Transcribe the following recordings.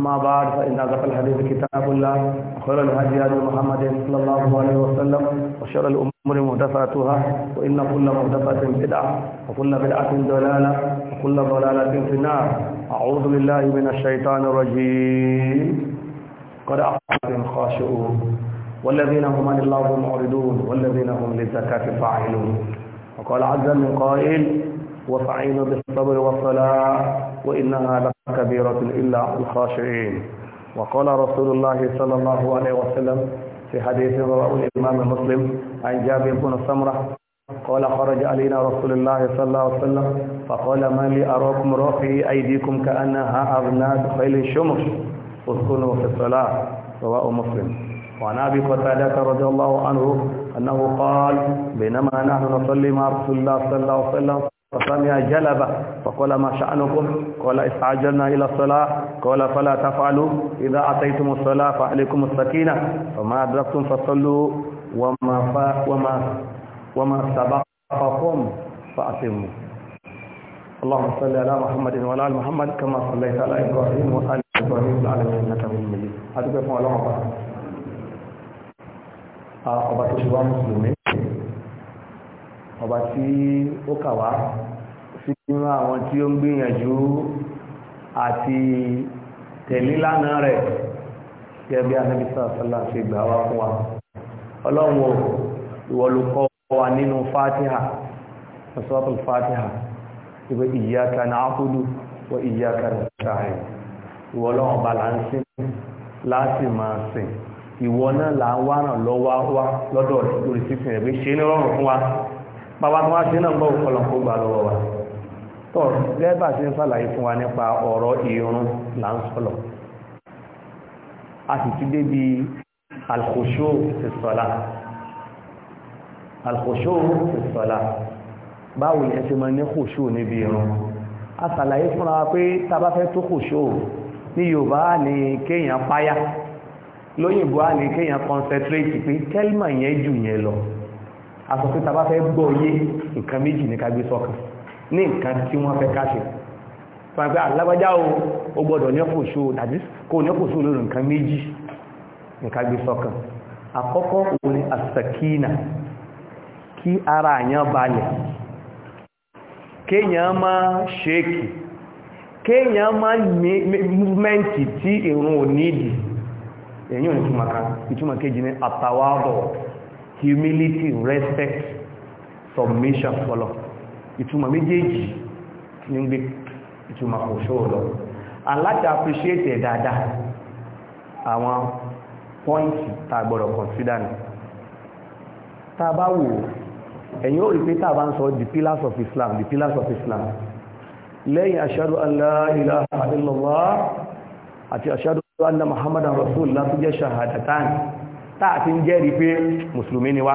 أما بعد فإن أغفى الحديث كتاب الله وخير الهدي هدي محمد صلى الله عليه وسلم وشر الأمور مهدفاتها وإن كل مهدفة بدعة وكل بدعة ضلالة وكل ضلالة في النار أعوذ بالله من الشيطان الرجيم قد أعلم خاشعون والذين هم عن الله معرضون والذين هم للزكاة فاعلون وقال عز من قائل واستعينوا بالصبر والصلاة وإنها لكبيرة إلا الخاشعين وقال رسول الله صلى الله عليه وسلم في حديث رواه الإمام مسلم عن جابر بن سمرة قال خرج علينا رسول الله صلى الله عليه وسلم فقال ما لي أراكم رافعي أيديكم كأنها أغناد خيل الشمر اسكنوا في الصلاة رواه مسلم وعن أبي قتادة رضي الله عنه أنه قال بينما نحن نصلي مع رسول الله صلى الله عليه وسلم فسمع جلبة فقال ما شأنكم قال استعجلنا إلى الصلاة قال فلا تفعلوا إذا أتيتم الصلاة فعليكم السكينة فما أدركتم فصلوا وما فا وما وما سبقكم فأتموا اللهم صل على محمد وعلى آل محمد كما صليت على إبراهيم وآل إبراهيم العالمين إنك من مليء أدعوكم الله آه، أبا أبا تشوى مسلمين ọba tí ó kà wá sínú àwọn tí ó ń gbìyànjú àti tẹ̀lílànà rẹ̀ tí ẹbí anábì sàlá ṣe gbà wá fún wa ọlọ́run o ìwọ ló kọ́ wa nínú fatiha sọ́tún fatiha ìwé iyyaka na'budu wa iyyaka nasta'in ìwọ ọlọ́run bá là ń sìn láti máa sìn ìwọ náà là ń wá ràn lọ́wọ́ wá lọ́dọ̀ lórí sísìn rẹ̀ ṣe ní rọrùn fún wa bàbá tó wá sí náà gbọ́ ọ̀pọ̀lọpọ̀ gbà lọ́wọ́ wa tọ́ lẹ́bà tí ń sàlàyé fún wa nípa ọ̀rọ̀ ìrun là ń sọ̀lọ̀ a sì ti débi alkòṣó ti sọ̀lá alkòṣó ti sọ̀lá báwo yẹn ti máa ní kòṣó níbi ìrun a sàlàyé fúnra wa pé tá fẹ́ tó kòṣó ní Yorùbá ní kéèyàn páyà lóyìnbó á ní kéèyàn concentrate pé kẹ́límà yẹn jù yẹn lọ aṣọ pé tàbá fẹ́ gbọ́ yé nǹkan méjì ní ká gbé sọ́kàn ní nǹkan tí wọ́n fẹ́ ká ṣe fún àgbẹ́ alábájá o gbọ́dọ̀ ní ọkọ̀ ṣó ni àsàkínà kí ara àyàn balẹ̀ kéèyàn máa ṣéèkì kéèyàn máa ní múvmẹ́ǹtì tí ìrun ò nídìí èyí ò ní túnmọ̀ kan ìtúmọ̀ kejì ní àtàwárọ̀ humility respect submission fọ́lọ̀ ìtumọ̀ méjèèjì ní gbé ìtumọ̀ òṣòro lọ aláti appreciate ẹ̀ dáadáa àwọn point tá a gbọ́dọ̀ consider ni tá a bá wò ẹ̀yìn ó rí pé tá a the pillars of Islam the pillars of Islam lẹ́yìn ashhadu an la ilaha illallah àti ashhadu anna Muhammadan rasulullah tó shahadatan táà ti ń jẹ́rìí pé mùsùlùmí ni wá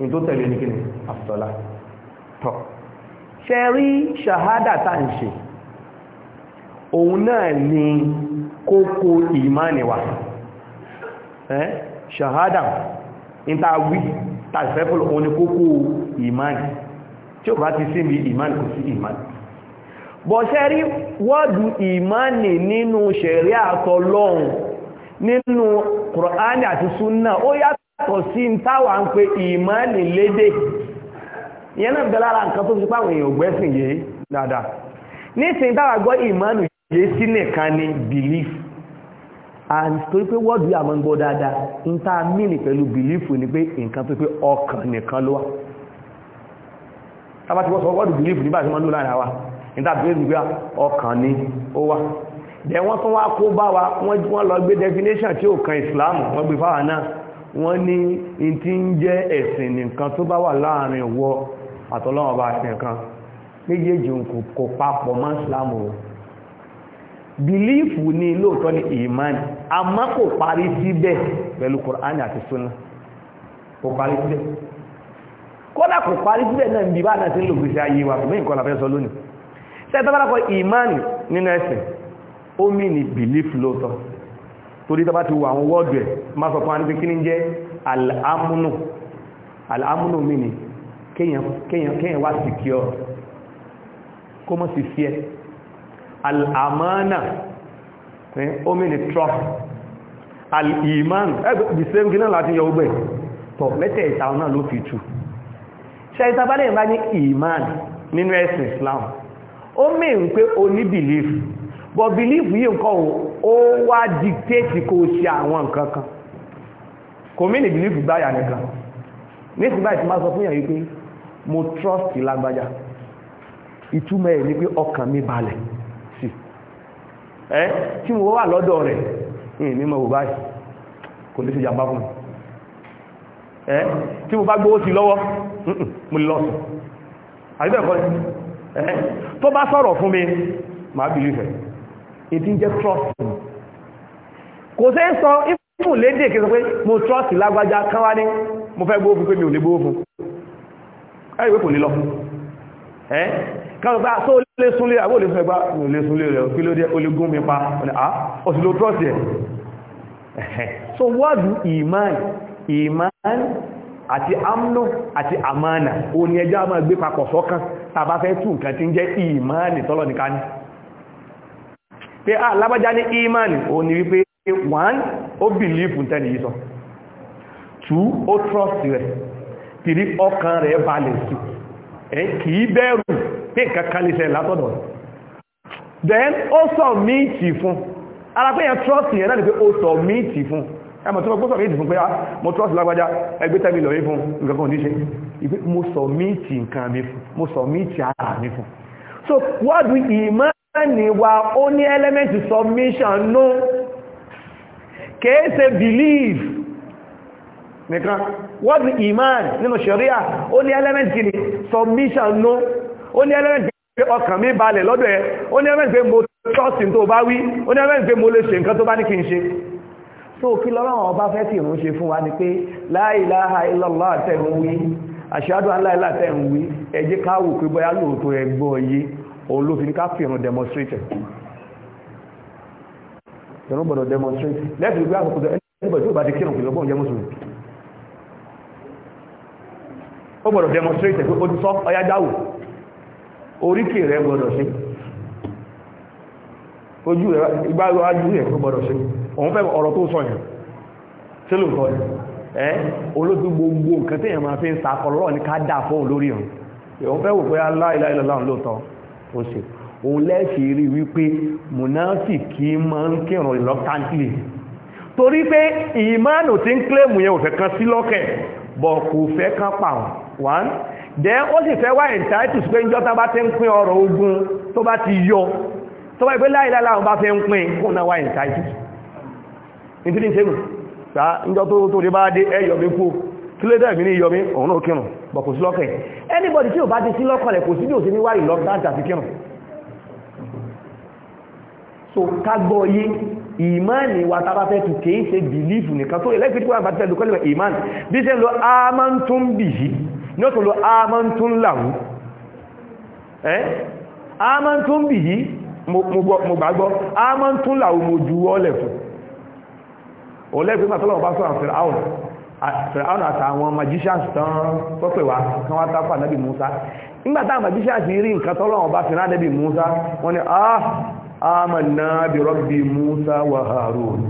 ní tó tẹ̀lé ní kíni àfùsọ́lá tọ́ ṣe rí ṣàhádà tá ń ṣe òun náà ni kókó ìmáni wa ẹ́ ṣàhádà ní tá a wí tàbí fẹ́ fọ́lọ̀ òun ni kókó ìmáni tí ó bá ti sí ibi ìmáni kò sí ìmáni bọ̀ ṣe rí nínú ṣẹ̀rí àtọlọ́hun nínú kùránì àti súnà ó yàtọ̀ sí táwà ń pe ìmánì ihe na náà nkan nǹkan tó fi páwọn èèyàn gbẹ́sìn yìí dáadáa nísìn táwà gbọ́ yìí sí nìkan ni belief and torí pé wọ́ọ̀dù yà mọ́ ń gbọ́ dáadáa ń pẹ̀lú belief ni pé nǹkan tó pé ọkàn nìkan ló wà wọ́ọ̀dù belief nígbà tí wọ́n lò láàrin àwa ó dẹ̀ wọ́n tún wá kó bá wa wọ́n lọ gbé definition tí ó kan islam wọ́n gbé fáwà náà wọ́n ní in ti ń jẹ́ ẹ̀sìn nìkan tó bá wà láàrin wọ àtọ́lọ́wọ̀n bá ṣe nǹkan méjèèjì kò papọ̀ mọ́ islam o bìlífù ni lóòtọ́ ni iman àmọ́ kò parí síbẹ̀ pẹ̀lú Qur'an àti sunnah kò parí síbẹ̀ kódà kò parí síbẹ̀ náà bí bá náà ti ń lò gbèsè ayé wa mí nǹkan la sọ lónìí sẹ́tọ́ bá iman nínú ẹ̀sìn ó mì ní belief lóòtọ́ torí tàbá ti wọ àwọn wọ́ọ̀dù ẹ̀ má sọ fún àrífẹ́ kí ní jẹ́ al'amúnù al'amúnù mì ní kéyàn wá secure kó mọ́ sí fear al'amánà ó mì ní trust al'iman ẹgbẹ̀ the same gínà láti yọ ọgbẹ̀ tọ̀ mẹ́tẹ̀ ìta náà ló fi tú ṣe ìtàbálẹ̀ ìbá ní iman nínú ẹ̀sìn Islam ó mì ń pé o belief but belief yìí nǹkan ó wá dictate kó ṣe àwọn nǹkan kan kò mí ní belief gbáyà nìkan nísìnyí báyìí ti máa sọ fún yàn pé mo trust lágbájá ìtumọ̀ ẹ̀ ní pé ọkàn mi balẹ̀ sí ẹ́ tí mo wà lọ́dọ̀ rẹ̀ ìyìn ní mọ̀wò báyìí kò lè ṣe jàmbá fún ẹ́ tí mo bá gbówó sí lọ́wọ́ mo lè lọ́sùn àríbẹ̀kọ́ tó bá sọ̀rọ̀ fún mi máa bìlífẹ̀ẹ́ ètí ń jẹ́ trust kò sí sọ ìfún lédè kí sọ pé mo trust lágbájá kán wá ní mo fẹ́ gbóòfin pé mi ò lè gbóòfin ẹ̀rìwé kò ní lọ ẹ́ káwọn bá tó lé súnlé àwọ́ olè fún ẹgbá olè súnlé rẹ̀ kí ló dé olégún mi pa ọ̀nà àá òsìlò trọ́sì ẹ̀ so wọ́dù iman iman àti amno àti amana o ní ẹjọ́ a máa gbé papọ̀ sọ́kàn tàbá fẹ́ tún nǹkan tí ń jẹ́ iman tọ́lọ̀ nìkan ni pé a ah, lábájá ní imani o ní wípé one ó believe in tẹ́lẹ̀ yìí sọ two ó trust rẹ̀ three ọkàn rẹ̀ balẹ̀ sí ẹ̀ kìí bẹ̀rù pé nǹkan kan lè ṣẹlẹ̀ látọ̀dọ̀ then ó sọ míìtì fún ara pé trust yẹn náà ni pé ó sọ míìtì fún ẹmọ̀ tí wọ́n gbọ́sọ̀ méjì fún pé ah, mo trust lágbàjá ẹgbẹ́ tẹ́mi lọ rí fún nǹkan ní ṣe ìpé mo sọ míìtì nǹkan mi fún mo sọ míìtì ara mi fún so wọ́n dùn ní wa ó ní element submission nú kìí believe? belief what wọ́n iman nínú sharia ó ní element kìí submission nú ó ní element pé ọkàn mi balẹ̀ lọ́dọ̀ ẹ ó ní element pé mo trust tó bá wí ó ní element pé mo lè ṣe nǹkan tó bá ní kí n ṣe so kí lọ́rọ̀ ọba fẹ́ tí ìrún ṣe fún wa ni pé la ilaha illallah àtẹ̀rún wí ashhadu an la ilaha àtẹ̀rún wí ẹ jẹ́ ká wò pé bóyá lóòótọ́ ẹgbọ́ yìí òun ló fi ní ká fi ìrun demonstrated ìrun gbọ́dọ̀ demonstrated lẹ́fìlú pé àkókò ẹgbẹ̀ tí ó bá ti kírun kìlọ́ bọ́n jẹ́ mùsùlùmí ó gbọ́dọ̀ demonstrate pé ó ti sọ ọya dáwò gbọ́dọ̀ sí ojú gbọ́dọ̀ sí òun fẹ́ ọ̀rọ̀ tó sọ yẹn tí ló kọ́ ó ṣe òun lẹ́ẹ̀ṣì rí wípé mùnáfìkì máa ń kírun reluctantly torí pé ìmánu tí ń kílèmù yẹn ò fẹ́ kan sí lọ́kẹ̀ bọ̀ kò fẹ́ kan pa wọ́n dẹ́ ó sì fẹ́ wá entitled pé níjọ́ tá bá ti ń pín ọrọ̀ ogun tó bá ti yọ tó bá ìpé láìláìlá àwọn bá fẹ́ ń pín kó náà wá entitled nítorí ṣe mú níjọ́ tó kí ló dẹ́ẹ̀mí ní yọmí òun náà kírùn bọ̀ sí lọ́kẹ̀ anybody tí ò bá ti sí lọ́kọ̀ rẹ̀ kò sí bí ò sí ní wáyé lọ́kdáǹtà fi kírùn so kágbọ́ yé ìmáàni wa tàbá fẹ́ tù kìí ṣe bìlífù nìkan tó ilẹ̀ ìpínlẹ̀ wọn bá ti fẹ́ lùkọ́lẹ̀ ìmáàni bí ṣe lo amántún bì yí mo gbàgbọ́ amántún làwú mo juwọ́ lẹ̀ fún òun lẹ́gbẹ̀ẹ́ fìràwọn àtàwọn magicians tán tọ́pẹ̀ wá kán wá tápà nábì Musa nígbàtà magicians rí nǹkan tọ́lọ́wọ́n bá fi rán nábì Musa wọ́n ni ah amanna bi rabbi Musa wa Harun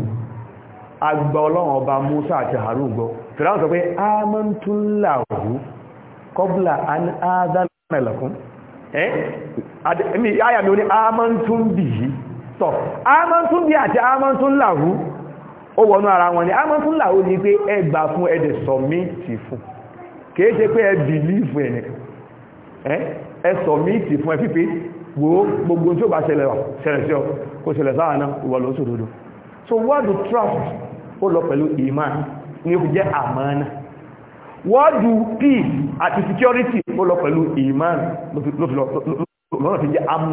agba ọlọ́wọ́n ọba Musa àti Harun gbọ́ fìràwọn sọ pé amantulahu qabla an adana lakum ẹ́ àyàmì oní amantun bihi tọ́ amantun bihi àti amantun lahu ó wọnú ara wọn ni a mọ́ fún làó ní pé ẹ gbà fún ẹ̀dẹ̀ sọ̀míìtì fún kìí ṣe pé ẹ bìlífù ẹnìkan ẹ sọ̀míìtì fún ẹ fífi wo gbogbo tí ó bá ṣẹlẹ̀ ṣẹlẹ̀ sí ọ kò ṣẹlẹ̀ sáà náà ìwà ló sọ dodo so trust ó lọ pẹ̀lú iman ní ó fi jẹ́ àmánà word peace àti security ó lọ pẹ̀lú iman ló fi lọ lọ́nà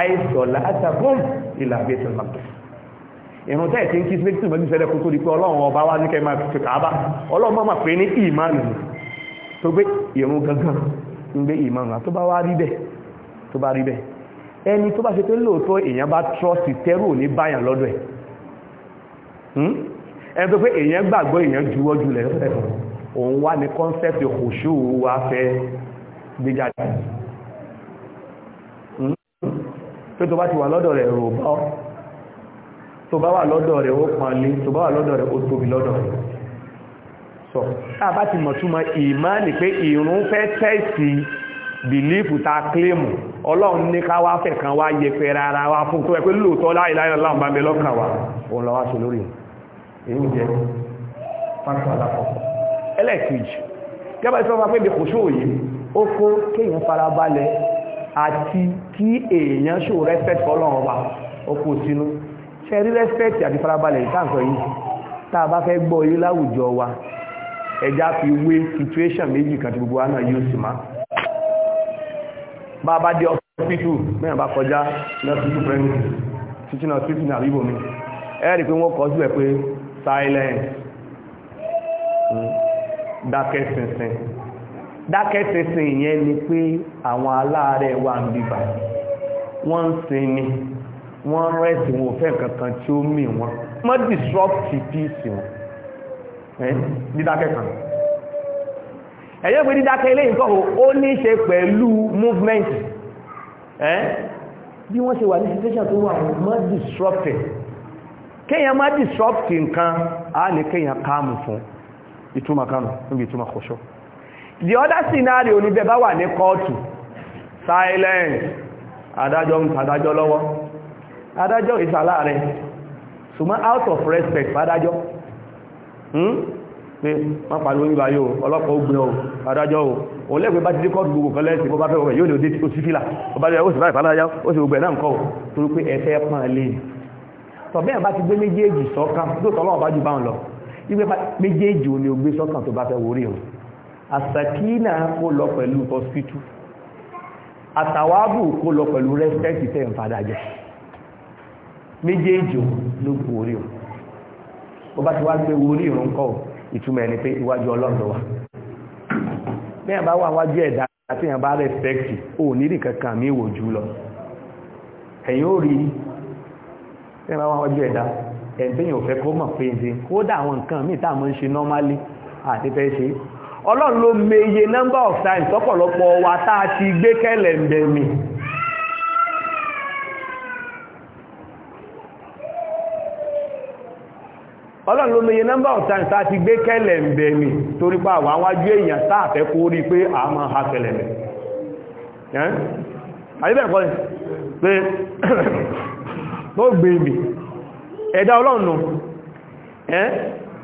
àìsọ̀lá àtàkùn ìlà Baitul Maqdis ìrùn tẹ́ ìtí ń kí sílẹ̀kì pẹ̀lú ìṣẹ́lẹ̀ kó tó di pé ọlọ́run ọba wá ní kẹ́mà fi kàábà ọlọ́run máa pè ní ìmánu tó gbé ìrùn gangan ń gbé ìmánu tó bá wá rí bẹ́ẹ̀ tó bá rí bẹ́ẹ̀ ẹni tó bá ṣe pé lóòótọ́ èèyàn bá trọ́ọ̀sì pé tó bá ti wà lọ́dọ̀ rẹ̀ rò bọ́ tó bá wà lọ́dọ̀ rẹ̀ ó pọ̀nlé tó bá wà lọ́dọ̀ rẹ̀ ó tóbi lọ́dọ̀ rẹ̀ sọ tá bá ti mọ̀túnmọ̀ ìmáànì pé ìrún fẹ́ tẹ́ẹ̀sì bìlífù ta kílèmù ọlọ́run ní ká wá fẹ̀ kan wá yẹpẹ rárá wá fún tó ẹ pé lóòótọ́ láìláìlá láwọn bá mi lọ́kàn wá òun lọ wá ṣe lórí èyí jẹ fásitì alákọ̀ọ́kọ́ ẹlẹ́ẹ̀kejì àti kí èèyàn ṣò respect fọ́lọ́run wa ó kó sínú ṣe rí respect àti farabalẹ̀ ìtàǹsọ̀ yìí tá a bá fẹ́ gbọ́ yé láwùjọ wa ẹja fi wé situation méjì kan tí gbogbo wa náà yóò sì máa bá a bá dé ọ̀pítù mẹ́rin bá kọjá lọ́pítù pẹ̀lú títí náà títí náà ríbò mi ẹ̀rì pé wọ́n kọ sílẹ̀ pé silence hmm, dákẹ́ sínsìn dákẹ́sẹsẹ ìyẹn ni pé àwọn aláàárẹ̀ wà ń bíbà wọ́n ń sinmi wọ́n rẹ́sì wọn ò fẹ́ kankan tí ó mì wọn wọ́n disrupt peace wọn dídákẹ́ kan ẹ̀yẹ́ pé dídákẹ́ ilé nǹkan ó ní ṣe pẹ̀lú movement bí wọ́n ṣe wà ní situation tó wà mọ́ disrupted kéèyàn má disrupt nǹkan á ní kéèyàn káàmù fún ìtumọ̀ kánù níbi ìtumọ̀ the other scenario ni bẹ́ẹ̀ bá wà ní kóòtù silence adájọ́ ń tàdájọ́ lọ́wọ́ adájọ́ ìsàlá rẹ̀ ṣùgbọ́n out of respect fádájọ́ hmm? pé wọ́n pàdé orí báyó ọlọ́pàá ó gbé ọ adájọ́ o òun lẹ́gbẹ̀ẹ́ bá ti dé kóòtù gbogbo kan lẹ́sìn bó bá fẹ́ wọ̀nyí yóò lè dé oṣù fìlà ó bá lè ó sì bá ìfàlàyà ó sì gbogbo ẹ̀ náà ń kọ́ torí pé ẹ̀fẹ́ pọ́n ju báwọn lọ ìgbé méjèèjì ò ní o gbé sọ́kàn tó bá fẹ́ wọrí àsàkínà kó lọ pẹ̀lú hospital àtàwábù kó lọ pẹ̀lú respect tẹ́ ń fàdà jẹ́ méjèèjì ló gbò orí o ó bá ti wá gbé orí ìrún kọ́ ìtumọ̀ ẹni pé iwájú ọlọ́run wa bí ẹ̀ bá wà wájú ẹ̀dá àti ẹ̀ bá respect ò ní rí kankan mi wò jù lọ ẹ̀yìn ó rí bí ẹ̀ bá wà wájú ẹ̀dá ẹ̀ńtẹ́yìn ò fẹ́ kó mọ̀ pé kódà àwọn nǹkan míì tá à ń ṣe normally àti fẹ́ ṣe ọlọ́run ló meye number of times ọ̀pọ̀lọpọ̀ wa tá ti gbé kẹ́lẹ̀ ń ọlọ́run ló meye number of times èèyàn pé a máa ha kẹ́lẹ̀ mẹ́ ẹ̀dá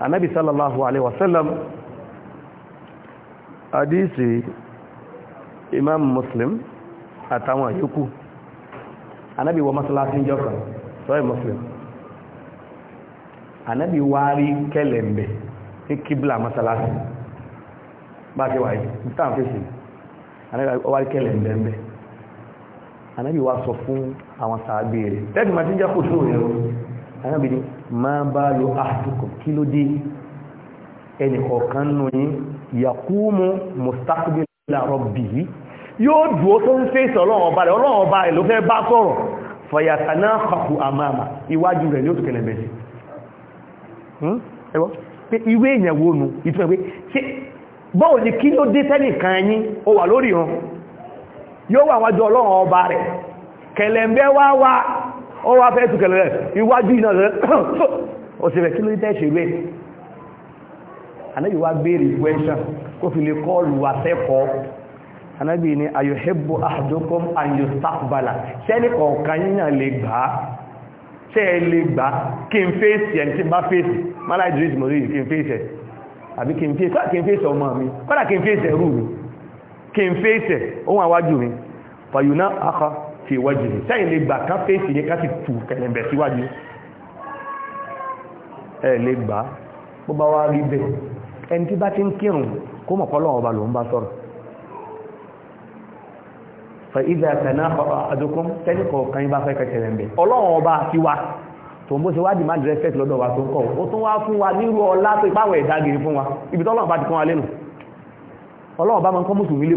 anábì sallallahu alaihi wasallam hadisi imam muslim àtàwọn yòókù anábì wọ mọ́sálásí jọ́kan sọ́yí muslim anábì wá rí kẹlẹ̀mbẹ̀ ní kíblà mọ́sálásí bá ti wà yìí tàn fèsì anábì wá rí kẹlẹ̀mbẹ̀ anábì wá sọ fún àwọn sàábì rẹ̀ tẹ́gbìmọ̀ ni ma bá lo ahdukum kí ló dé ẹnì kọ̀ọ̀kan nù yín yakumu mustaqbila rabbihi yóò dúró tó ń fèsì ọlọ́run ọba rẹ̀ ọlọ́run ọba rẹ̀ ló fẹ́ bá sọ̀rọ̀ fọ̀yàtàná kọ̀kù àmàmà iwájú rẹ̀ ní ó tùkẹ̀lẹ̀ hmm? ni kí ló dé tẹ́nìkan ẹ̀yìn ó wà lórí hàn yóò wà wájú ọlọ́run ọba rẹ̀ ó wá fẹ́ tukẹ̀lẹ̀ rẹ̀ iwájú iná rẹ̀ ó sì rẹ̀ kí ló ní tẹ́ṣe rẹ̀ anábì wá béèrè question kó fi lè kọlù wà sẹ́kọ̀ọ́ anábì ni ayuhibbu ahadukum an yustaqbala sẹ́ni kọ̀ọ̀kan yíyàn lè gbà á tẹ́ ẹ lè gbà kí n fèsì ẹni tí bá fèsì mọ́lá ìdírí ìdìmọ̀ rí kí n fèsì ẹ̀ àbí kí n fèsì ọmọ mi kọ́dà kí n fèsì ẹ̀rù mi kí n fèsì ohun àwájú mi fàyùná akọ fi wọ́jì ní sẹ́yìn lè gbà kán fèsì ní káti tù kẹ̀lẹ̀bẹ̀ síwájú ẹ lè gbà bó bá wá rí bẹ̀ ẹni tí bá ti ń kírun kó mọ̀kọ́lọ́wọ́ ọba lòun bá sọ̀rọ̀ fa ìdá tẹ̀nà àdókún tẹ́nìkọ̀ kan bá fẹ́ kẹ̀lẹ̀bẹ̀ ọlọ́wọ́ ọba ti wá tó ń bó ṣe wádìí máa dìrẹ́fẹ́t lọ́dọ̀ wa tó ń kọ̀ ó tún wá fún wa nírú ọlá tó ipáwẹ̀ ìdágiri fún wa ibi tọ́lọ́wọ́ bá ti kán wa lẹ́nu ọlọ́wọ́ bá máa ń kọ́ mùsùlùmí lé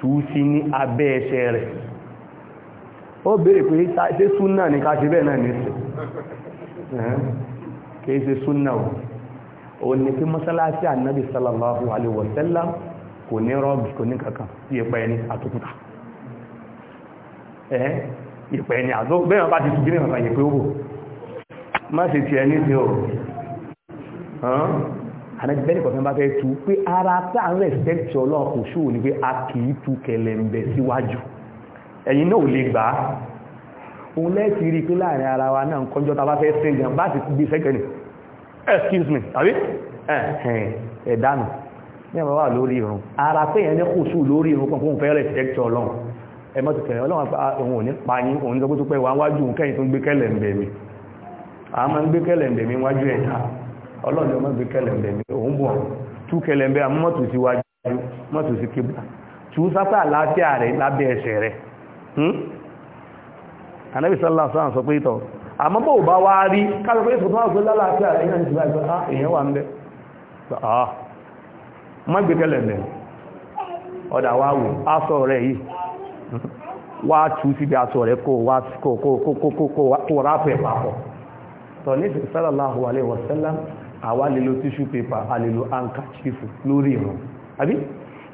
tú sí ní abẹ́ ẹsẹ̀ rẹ̀ ó béèrè pé ṣe súnà ní ká ṣe bẹ́ẹ̀ náà ní ṣe kìí ṣe súnà ò ò ní kí mọ́sálásí ànábì sallallahu alaihi wasallam kò ní rọ́bì kò ní kankan sí ipa ẹni àtòkúta ẹ́ ipa ẹni àtò bẹ́ẹ̀ ànágbẹ́ni kọ̀ọ̀kan bá fẹ́ tu pé ara tá à ń rẹ̀spẹ̀tì ọlọ́run kò ṣòwò ni pé a kì í tu kẹlẹ̀mbẹ̀ síwájú ẹ̀yin náà ò lè gbà á òun lẹ́ẹ̀tì rí pé láàrin ara wa náà kọjọ́ ta bá fẹ́ sin bá ti gbé sẹ́kẹ̀ni excuse me àbí ẹ̀dánù ní ẹ̀mọ́ wà lórí irun ara pé yẹn ní kò ṣù lórí irun pọ̀n fẹ́ rẹ̀spẹ̀tì ọlọ́run ẹmọ́ ti kẹ̀rẹ̀ ọlọ́run òun ò ní pa yín òun ní sọ pé tó ọlọ́run ọmọ gbé kẹlẹ̀mbẹ̀ ní òun bọ̀ tú kẹlẹ̀mbẹ̀ mọ́tò sí wájú mọ́tò sí kébà tú sápá àlàáfíà rẹ̀ lábẹ́ ẹsẹ̀ rẹ̀ anábì sọ́lá sọ́rọ̀ sọ pé ìtọ̀ àmọ́ bó bá wá rí kálọ̀ pé ìfòtún àwọn lálàáfíà rẹ̀ yẹn ti báyìí ah èèyàn wà ń bẹ́ ah mọ́ gbé kẹlẹ̀mbẹ̀ ọ̀dà wá wò aṣọ rẹ̀ yìí wá tú síbi aṣọ rẹ̀ kó wá kó kó kó kó kó ráfẹ̀ papọ̀ tọ̀ ní sallallahu alaihi wasallam àwa lè lo tissue paper a lè lo handkerchief lórí ìrun àbí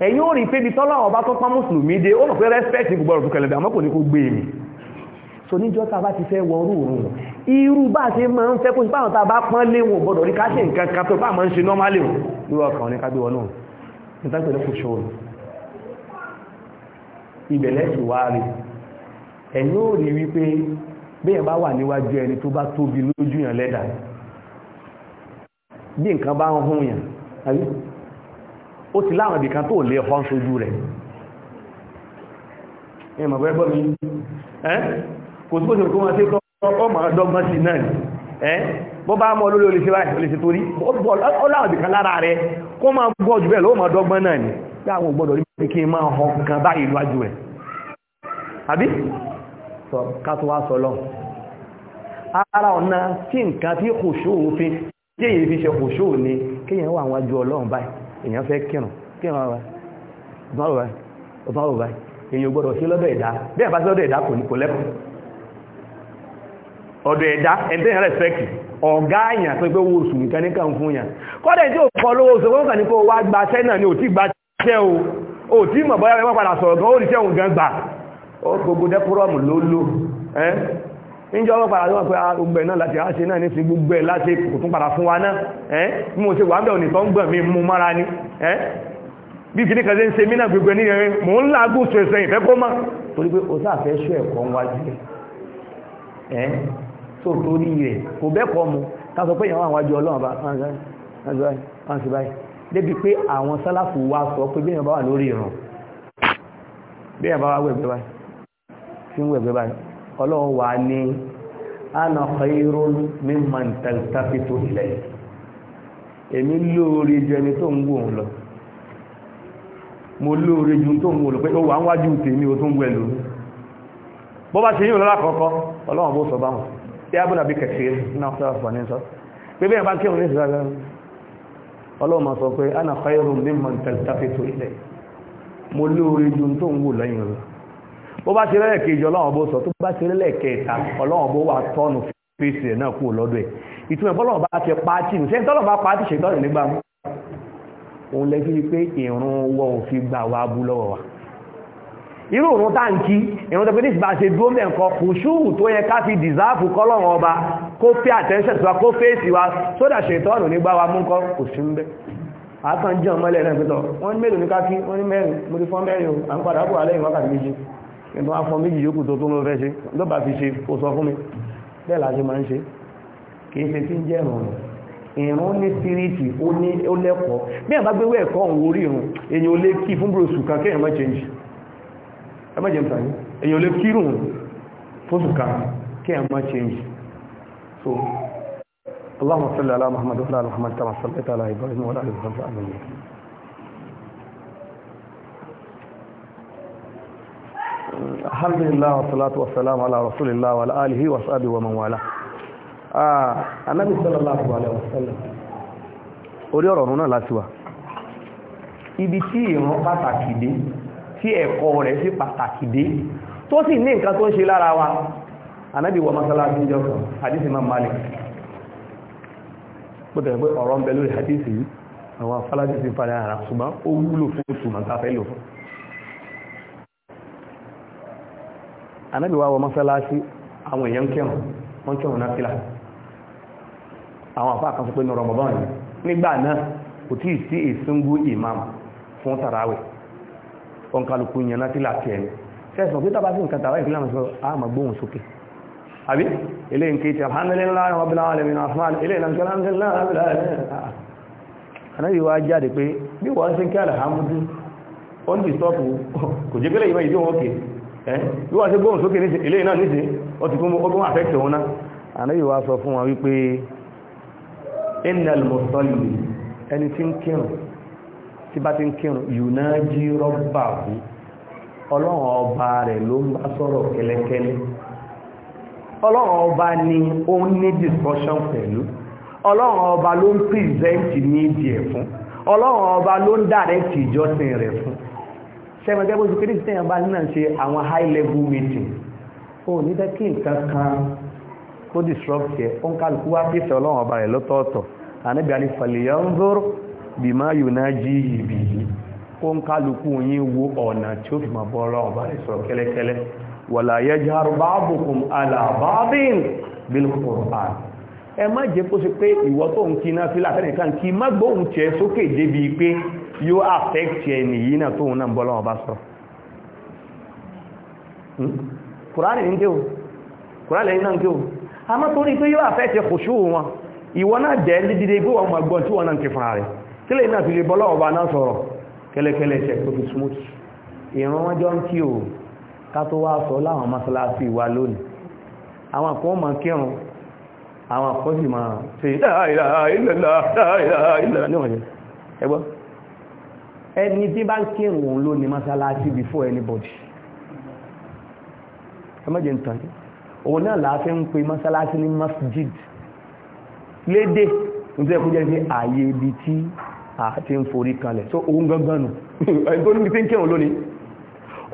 ẹ̀yin ò rí pé bí tọ́lá ọba tó pán mùsùlùmí dé ó mọ̀ pé respect gbogbo ọ̀rọ̀ tó kẹlẹ̀dẹ̀ àmọ́ kò ní kó gbé mi e so níjọ́ tá a bá ti fẹ́ wọ orú òun irú bá ṣe máa ń fẹ́ kó nípa àwọn tá a bá pọ́n lé wọn gbọ́dọ̀ rí ká ṣe nǹkan kan tó bá máa ń ṣe normally wọn lórí ọkàn ní kágbé ọlọ́run nítorí pẹ̀lú kò ṣọ́ ìbẹ̀lẹ̀ sì wá rí ẹ̀yin ò rí wípé bẹ́ẹ̀ bá wà níwájú ẹni tó bá tóbi lójú yàn lẹ́dàá bí nǹkan bá ń hún yàn àbí ó ti láwọn ibìkan tó lè họ́n sójú rẹ̀ ẹmọ̀ pẹ́ gbọ́mí ẹ́ kò tí kò tí kò máa tí ó máa dọ́gbọ́n sí náà ẹ́ bọ́ bá mọ́ olórí olèṣẹ́ báyìí olèṣẹ́ torí ó láwọn ibìkan lára rẹ̀ kó máa gbọ́ jù bẹ́ẹ̀ ló máa ká tó wá sọ lọ ara ọ̀nà tí nǹkan tí kò ṣòro fi jẹ́ èyí fi ṣe òṣò ní kíyàn wà wájú ọlọ́run báyìí èyàn fẹ́ kírun kíyàn báyìí èyàn gbọ́dọ̀ sí lọ́dọ̀ ẹ̀dá bẹ́ẹ̀ bá sí lọ́dọ̀ ẹ̀dá kò ní kò lẹ́kùn ọ̀dọ̀ ẹ̀dá ẹ̀dẹ́yàn ọ̀gá tó pé oṣù nìkan fún gba náà ni ò o ò tí mọ̀ bọ́yá wọ́n padà sọ̀rọ̀ gan ó rí níjọ́ ọmọ padà lọ́wọ́ pé ah, gbogbo ẹ̀ náà láti àṣẹ náà ní sí gbogbo ẹ̀ láti kùtùn padà fún wa náà ẹ́ mú sí wà ń bẹ̀rù nìtọ́ ń gbọ̀n mi mú mára ní ẹ́ bí kìí kan ṣe ń ṣe mí náà gbogbo ẹ̀nìyàn rẹ̀ mò ń lágùn sọ ẹ̀sẹ̀ ìfẹ́ kó mọ́ torí pé o sáfẹ́ ṣọ ẹ̀kọ́ wájú ẹ̀ tó torí rẹ̀ kò bẹ́ẹ̀kọ́ ọlọ́run wà ní ana khairun mimman taltafitu ilayhi èmi lóore ju ẹni tó ń wò ń lọ mo lóore ju tó ń wò lọ pé ó wà ń wájú tèmi ó tó ń wẹ̀ lórí bó bá ṣe yíò lọ́la kọ̀ọ̀kọ́ ọlọ́run bó sọ báwọn tí abúlà bí kẹfẹ́ náà sọ́rọ̀ fọ̀ ní sọ pé bí ẹ̀bá kí òun ní ìsìlára ọlọ́run ma sọ pé ana khairun mimman taltafitu ilayhi mo lóore ju tó ń wò lẹ́yìn rẹ̀ bó bá ṣe rẹ́lẹ̀ kejì ọlọ́run bó sọ tó bá ṣe rẹ́lẹ̀ kẹta ọlọ́run bó wà tọ́nu fèsì rẹ̀ náà kúrò lọ́dọ̀ ẹ̀ ìtumọ̀ ìfọlọ́run bá ti pa á tì nù sẹ́yìn tọ́lọ́run bá pa á tì ṣe tọ́lọ́run nígbà mú òun lẹ́jú wípé ìrún wọ́n ò fi gbà wá bú lọ́wọ́ wa irú òun táǹkì ìrún tẹ́pẹ́ ní ìsìnbà ṣe dúró mẹ́ǹkan kò ṣúù tó yẹ ká fi dìsáàfù kọ́lọ́run ọba kó pé àtẹ́ńṣẹ̀sì wa kó fèsì wa sódà ṣètọ́nù nígbà wa mú nǹkan kò sí ń bẹ́ àákan jẹ́ ọmọlẹ̀ náà pẹ́tọ̀ wọ́n mélòó ní ká o à ń padà bọ̀ alẹ́ ìwákàtí ẹ̀bùn afọ méjì yókù tó tó ló fẹ́ ṣe lọ́bàá fi ṣe kó sọ fún mi bẹ́ẹ̀ láti máa ń ṣe kìí ṣe tí ń jẹ́ ìrùn ìrùn ní spiriti ó lẹ́kọ̀ọ́ bí àbá gbéwẹ́ ẹ̀kọ́ òun orí ìrùn èyàn ò lè kí fún brosù kan kí ẹ̀mọ́ change ẹmọ́ jẹ́ mùsàní èyàn ò lè kí rùn fóṣù kan kí ẹ̀mọ́ change so Allahumma salli ala محمد وعلى محمد كما صليت على ابراهيم وعلى ال alhamdulillah wa salatu wa salam ala rasulillah wa ala alihi wa sahbihi wa man wala ah anabi sallallahu alaihi wasallam orí ọ̀rọ̀ run na láti wá ibi tí ìran pàtàkì dé tí ẹ̀kọ́ rẹ̀ sí pàtàkì dé tó sì ní nǹkan tó ń ṣe lára wa anabi wa masalatu jo kan hadith imam malik bo te pé ọ̀rọ̀ hadith yìí àwọn falaji ti fara ara ṣùgbọ́n ó wúlò fún ìtumọ̀ tá fẹ́ lò fún anábì wá wọ mọ́sálásí àwọn èèyàn kírùn wọ́n kírùn náà fílà àwọn àfáà kan sọ pé nọ̀rọ̀ mọ̀bọ́n yìí nígbà náà kò tí ì sí ìsúngú imam fún tarawẹ̀ ọ̀nkálukú yẹn náà fílà tiẹ̀ ni sẹ́sùn pé tábà sí nǹkan tàwa ìfìlà mọ̀ sọ àmà gbóhùn sókè àbí ilé nké tí alhamdulillahi rabbil alamin asman ilé ìlànà alhamdulillahi rabbil alamin anábì ah, ah. wá jáde pé bí wọ́n ṣe ń kí alhamdu ó ń dì sọ́ọ̀pù kò jẹ́ pẹ́lẹ̀ ìwọ̀n ìdí wọn kè Eh? bí wọ́n ti gbóhùn sókè ní ilé náà níṣe ó ti kún ọgbọ́n àfẹ́kẹ̀ òun náà ànábì wa sọ fún wọn wípé innal musalli ẹni tí ń kírun tí bá ti ń kírun yunaji rabbahu ọlọ́run ọba rẹ̀ ló ń bá sọ̀rọ̀ kẹ́lẹ́kẹ́lẹ́ ọlọ́run ọba ni ó ń ní discussion pẹ̀lú ọlọ́run ọba ló ń present ní fún ọlọ́run ọba ló ń direct ìjọsìn rẹ̀ fún sẹ́wọ̀n gẹ́gẹ́ bó ti kéde ìsìnyàn bá nínà ṣe àwọn high level meeting ó ní fẹ́ kí nǹkan kan kó disrupt yẹ ó ń kálukú wá pèsè ọlọ́run ọba rẹ̀ lọ́tọ̀ọ̀tọ̀ ànábì àní falyanzur bima yunaji bi ó ń kálukú yín wo ọ̀nà tí ó fi máa bọ́ ọlọ́run ọba rẹ̀ sọ̀rọ̀ kẹ́lẹ́kẹ́lẹ́ wala yajhar ba'dukum ala ba'din bil Qur'an ẹ má jẹ́ kó ṣe pé ìwọ tó ń kí náà fi láàfẹ́ nìkan kí má gbóhùn tiẹ̀ sókè débi pé yóò affect ẹni yìí náà tóun náà bọ́lọ́wọ́ bá sọ̀rọ̀ hmm? kùránì ní kí o kùránì lẹ́yìn náà kí o a mọ́ torí pé yóò affect kòṣù wọn ìwọ náà jẹ́ dídíde pé wọ́n gbọ́n tí wọ́n náà ti fara rẹ̀ kílẹ̀ náà fi lè bọ́lọ́wọ́ smooth ìran wọn jọ ń kí o ká tó wá sọ láwọn mọ́sálásí wa lónìí àwọn kan mọ̀ kírun àwọn kan sì máa ṣe ìlà ìlà ìlà ìlà ìlà níwọ̀n ẹgbọ́n ẹni tí bá ń kírun òun ló ní mọ́sálásí before anybody ẹmọ́jẹ̀ ń tàn òun náà láàfẹ́ ń pe mọ́sálásí ní masjid lédè ní ẹkùn jẹ́ pé ààyè ibi tí a ti ń forí kalẹ̀ so òun gangan nù ẹni tó níbi tí ń kírun lónìí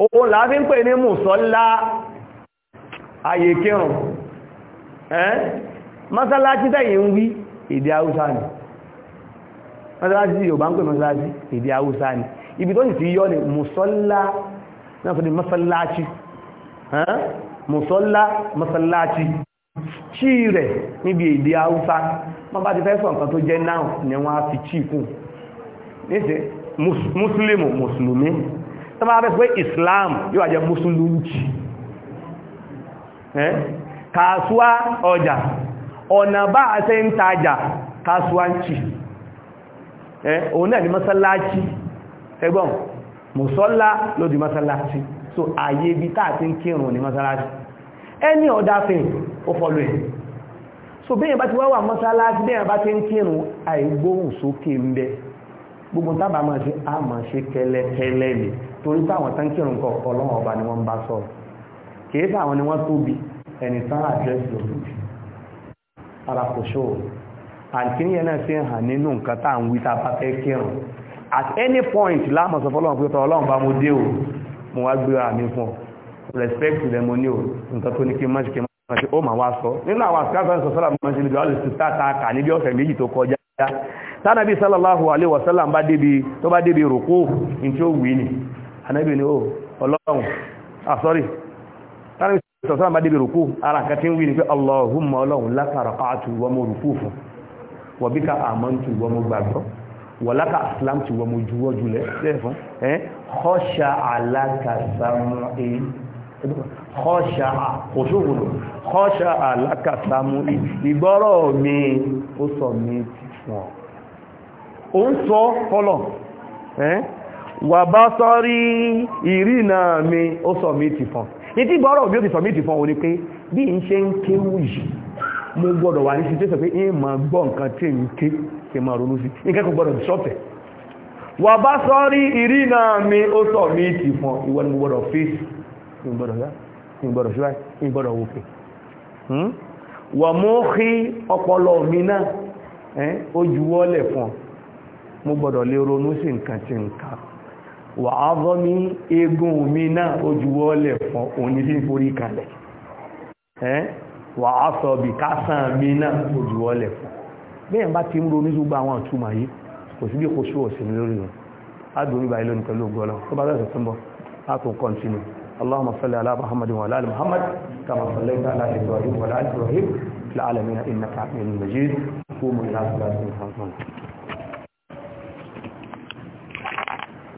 òun láàfẹ́ ń pè ní mùsọ́lá ààyè kírun ẹ́ mọ́sálásí tẹ̀yìn ń wí èdè haúsá ni mọ́sálásí yorùbá ń pè mọ́sálásí èdè haúsá ni ibi tó sì ti yọ ni mùsọ́lá náà sọ ni mọ́sálásí mùsọ́lá mọ́sálásí chi rẹ̀ níbi èdè haúsá wọ́n bá ti fẹ́ sọ nǹkan tó jẹ́ náà ni wọ́n á fi chi kún níṣẹ́ mùsùlùmù mùsùlùmí tó bá fẹ́ pé islam yóò àjẹ́ mùsùlùmí kàásùá ọjà ọ̀nà bá àṣẹ ń tajà kàásùá ń chi Eh, òun náà ni mọ́sálásí ẹgbọ́n musola ló di mọ́sálásí so ààyè ibi táà ti ń kírun ní mọ́sálásí any other thing ó fọ́lú ẹ̀ so bẹ́yàn bá ti wá wà mọ́sálásí bẹ́yàn bá ti ń kírun àìgbóhùn sókè ń bẹ gbogbo tábà máa ṣe á máa ṣe kẹ́lẹ́kẹ́lẹ́ ni torí táwọn tán kírun kọ ọlọ́wọ̀n ọba ni wọ́n bá sọ̀rọ̀ kìí àkíníyàn náà fi ń hàn nínú nǹkan tá à ń wí tá a bá fẹ́ at any point láàmú sọ fọlọ́run pé ọlọ́run bá o mo wá gbé fún respect to mo ní o nǹkan tó ní kí n ma kí n ó wá sọ nínú àwọn sọ́lá ṣe níbi kà níbi ọ̀sẹ̀ méjì tó kọjá tánàbí bá débi tó bá débi ó wọ̀bí ká àmọ́ntù wọ́n mo gbàgbọ́ wọ̀láka islam ti wọ́n mo juwọ́ julẹ̀ lẹ́fún ẹ́ kọ́ṣà alákàsámú ẹ́ kọ́ṣà òṣòwòrò kọ́ṣà alákàsámú ìgbọ́rọ̀ mi ó sọ mi ti fún ọ ó ń sọ fọ́lọ̀ ẹ́ wà bá sọ́rí ìrìnà mi ó sọ mi ti fún ní mi ó ti sọ mi ti fún ọ pé bí n ṣe ń kéwù yìí mo gbọ́dọ̀ wà ní situation pé ń mọ̀ gbọ́ nǹkan tí ń ké kí mọ̀ ronú sí nǹkan kò gbọ́dọ̀ disrupted wà bá sọ́rí ìrìnà mi ó sọ mí ti fún ìwọ ni mo gbọ́dọ̀ face ní gbọ́dọ̀ yá ṣíwáyé ní gbọ́dọ̀ wà á sọ bí kásán mi náà ojúwọlẹ̀ fún bẹ́ẹ̀ bá ti ń ronú gbogbo àwọn àtúmọ̀ yìí kò sí bí kò ṣú òsìn lórí rẹ̀ adùn ìbà ilé ní pẹ̀lú ògbọ́lọ́ tó bá lọ́sẹ̀ túnbọ̀ látún kọntínú اللهم صل على محمد وعلى ال محمد كما صليت على ابراهيم وعلى ال ابراهيم في العالمين انك حميد مجيد قوموا الى